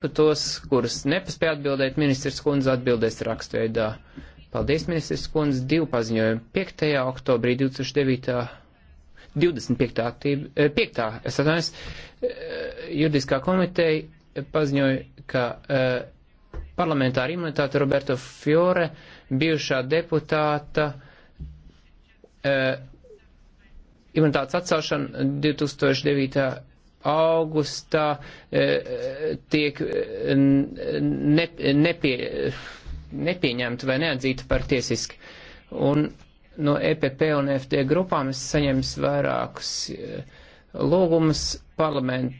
par tos, kuras nepaspēja atbildēt, ministrs kundze atbildēs rakstveidā. Paldies, ministrs kundze, divu paziņojumu 5. oktobrī 2009. 25. Aktība, 5. es atvainojos, eh, juridiskā komiteja paziņoja, ka eh, parlamentāra imunitāte Roberto Fiore, bijušā deputāta, eh, imunitātes atcelšana 2009 augustā eh, tiek eh, ne, nepie, nepieņemta vai neatzīta par tiesiski. Un no EPP un FD grupām es saņems vairākus eh, lūgumus parlament,